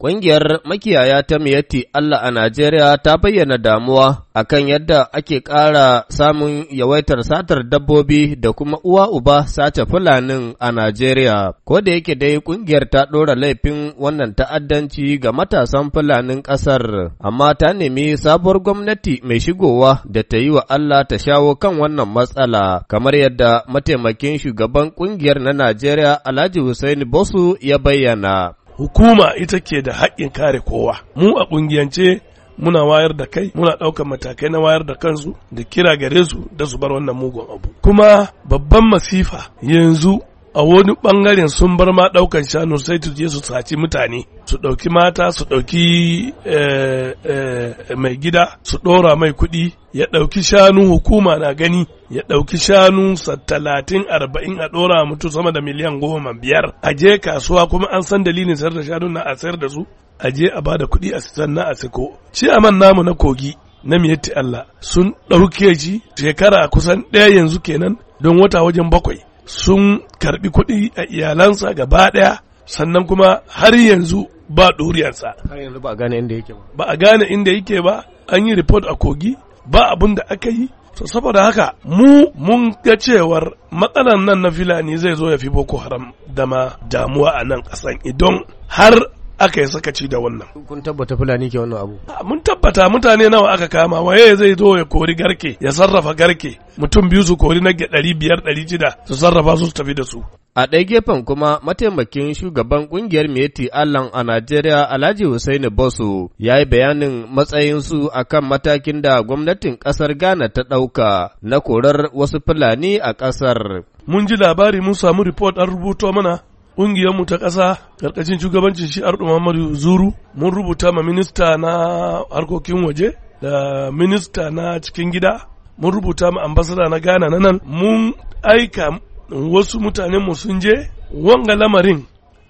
Ƙungiyar makiyaya ta Miyatti Allah a Najeriya ta bayyana damuwa a kan yadda ake ƙara samun yawaitar satar dabbobi da kuma uwa uba sace fulanin a Najeriya. Ko da yake dai ƙungiyar ta ɗora laifin wannan ta'addanci ga matasan fulanin ƙasar, amma ta nemi sabuwar gwamnati mai shigowa da ta yi wa Allah ta shawo kan wannan matsala, kamar yadda mataimakin shugaban ƙungiyar na Najeriya Alhaji Hussaini Bosu ya bayyana. hukuma ita ke da haƙƙin kare kowa mu a ƙungiyance muna wayar da kai muna ɗaukar matakai na wayar da kansu da kira gare su da su bar wannan mugun abu kuma babban masifa yanzu a wani ɓangaren sun bar ma ɗaukar shanu sai su je su saci mutane su ɗauki mata su ɗauki eh, eh, mai gida su ɗora mai kuɗi ya ɗauki shanu hukuma na gani ya ɗauki shanunsa talatin arba'in a ɗora mutu sama da miliyan goma biyar a je kasuwa kuma an san dalilin sayar da shanun na a sayar da su a je a bada kuɗi a sisan na a siko ci a man namu na kogi na miyatti Allah sun ɗauke shi shekara kusan ɗaya yanzu kenan don wata wajen bakwai sun karɓi kuɗi a iyalansa gaba ɗaya sannan kuma har yanzu ba ɗuriyarsa. yanzu ba a gane inda yake ba. Ba ba, an yi report a kogi, ba abun da aka yi, to saboda haka mu mun ga cewar matsalan nan na filani zai zo ya fi boko haram dama damuwa a nan kasan idon har aka yi sakaci da wannan. Kun tabbata Fulani ke wannan abu? Mun tabbata mutane nawa aka kama waye zai zo ya kori garke ya sarrafa garke mutum biyu su kori na ɗari biyar ɗari su sarrafa su tafi da su. A ɗaya gefen kuma mataimakin shugaban ƙungiyar Meti Allan a Najeriya Alhaji Hussaini Bosu ya yi bayanin matsayinsu a kan matakin da gwamnatin ƙasar Ghana ta ɗauka na korar wasu Fulani a ƙasar. Mun ji labari mun samu report an rubuto mana ƙungiyarmu ta ƙasa ƙarƙashin shugabancin shi Ardu Muhammadu Zuru mun rubuta ma minista na harkokin waje da minista na cikin gida mun rubuta ma ambasada na Ghana na nan mun aika wasu mutanenmu sun je wanga lamarin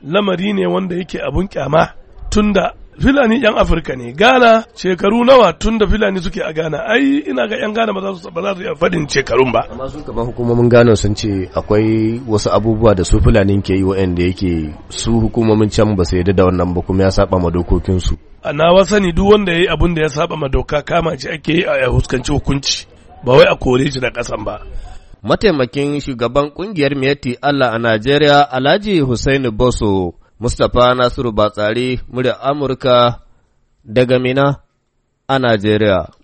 lamari ne wanda yake abun kyama tunda Filani 'yan Afirka ne, Gana shekaru nawa tunda da Filani suke a gana? ai ina ga 'yan gana ba za su ba faɗin shekarun ba. Amma sun kama hukumomin Ghana sun ce akwai wasu abubuwa da su Filani ke yi da yake su hukumomin can ba su yadda da wannan ba kuma ya saba ma dokokinsu. A nawa sani duk wanda ya yi abin da ya saba ma doka kama ce ake yi a huskanci hukunci ba wai a kore shi da kasan ba. mataimakin shugaban kungiyar Mieti Allah a Najeriya Alhaji Hussaini Boso, Mustapha Nasiru Batsari, murya Amurka daga Mina a Najeriya.